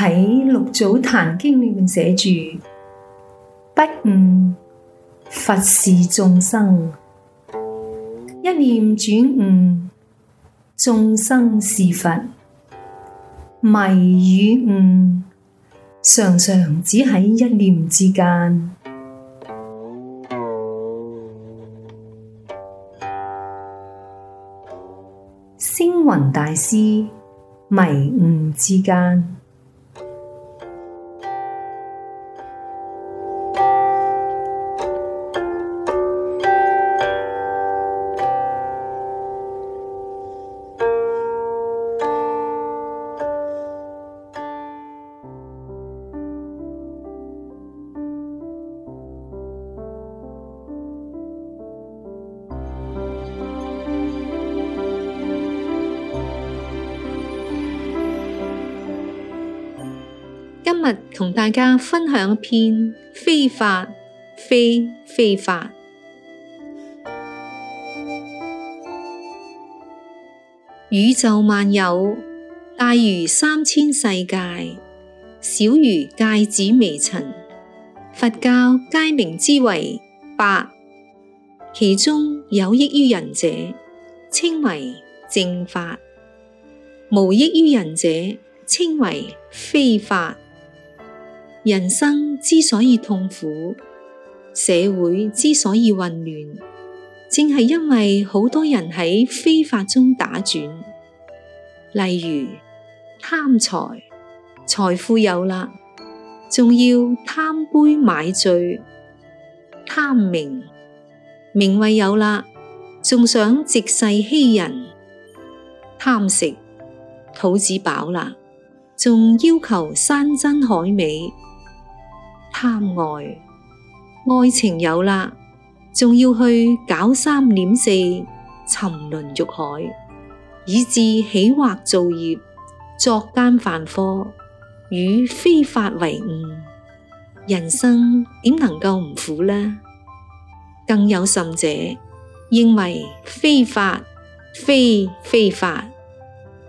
喺六祖壇經裏面寫住，不悟，佛是眾生，一念轉悟，眾生是佛，迷與悟常常只喺一念之間。星雲大師，迷悟之間。今日同大家分享一篇非法非非法。非非法，宇宙萬有，大如三千世界，小如芥子微塵。佛教皆名之為法，其中有益於人者，稱為正法；無益於人者，稱為非法。人生之所以痛苦，社會之所以混亂，正係因為好多人喺非法中打轉。例如貪財，財富有啦，仲要貪杯買醉；貪名，名位有啦，仲想藉勢欺人；貪食，肚子飽啦，仲要求山珍海味。貪愛，愛情有啦，仲要去搞三捻四，沉淪欲海，以致起惑造業，作奸犯科，與非法為伍，人生點能夠唔苦呢？更有甚者，認為非法非非法，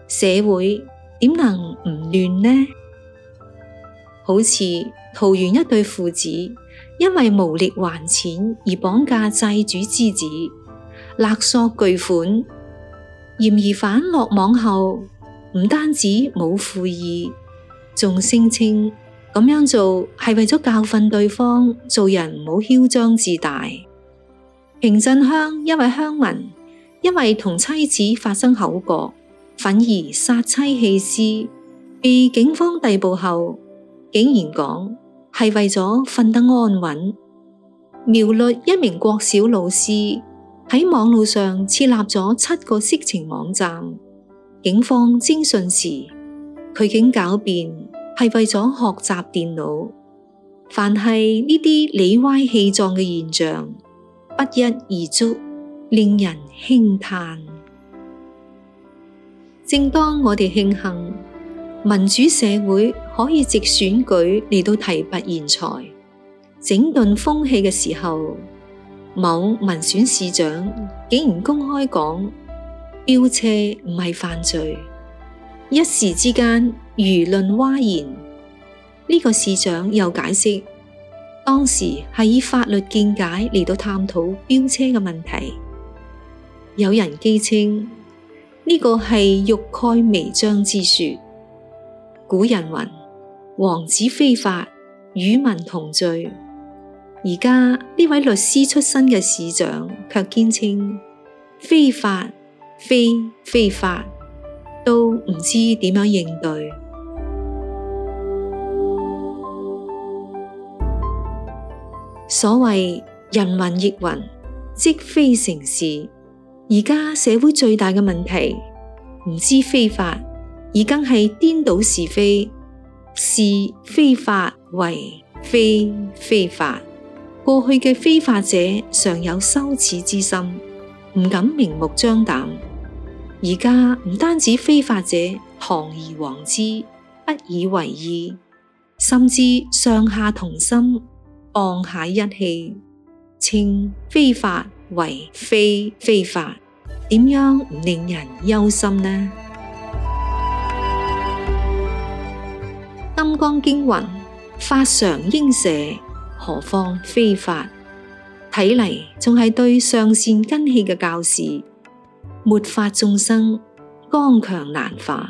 社會點能唔亂呢？好似。桃園一對父子，因為無力還錢而綁架債主之子，勒索巨款。嫌疑犯落網後，唔單止冇悔意，仲聲稱咁樣做係為咗教訓對方，做人唔好囂張自大。平鎮鄉一位鄉民，因為同妻子發生口角，憤而殺妻棄屍，被警方逮捕後，竟然講。係為咗瞓得安穩，苗栗一名國小老師喺網路上設立咗七個色情網站，警方偵訊時，佢竟狡辯係為咗學習電腦。凡係呢啲理歪氣壯嘅現象，不一而足，令人興歎。正當我哋慶幸。民主社會可以藉選舉嚟到提拔賢才、整頓風氣嘅時候，某民選市長竟然公開講飆車唔係犯罪，一時之間，輿論譁然。呢、這個市長又解釋當時係以法律見解嚟到探討飆車嘅問題，有人譏稱，呢個係欲蓋彌彰之説。古人云：王子非法，與民同罪。而家呢位律師出身嘅市長，卻堅稱非法非非法，都唔知點樣應對。所謂人云亦云，積非成是。而家社會最大嘅問題，唔知非法。而家係顛倒是非，視非法為非非法，過去嘅非法者尚有羞恥之心，唔敢明目張膽。而家唔單止非法者堂而皇之，不以為意，甚至上下同心，沆瀣一氣，稱非法為非非法，點樣唔令人憂心呢？剛經云：法尚應捨，何況非法？睇嚟仲係對上善根器嘅教示，末法眾生，剛強難化。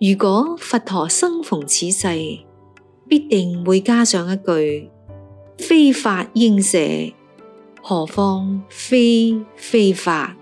如果佛陀生逢此世，必定會加上一句：非法應捨，何況非非法？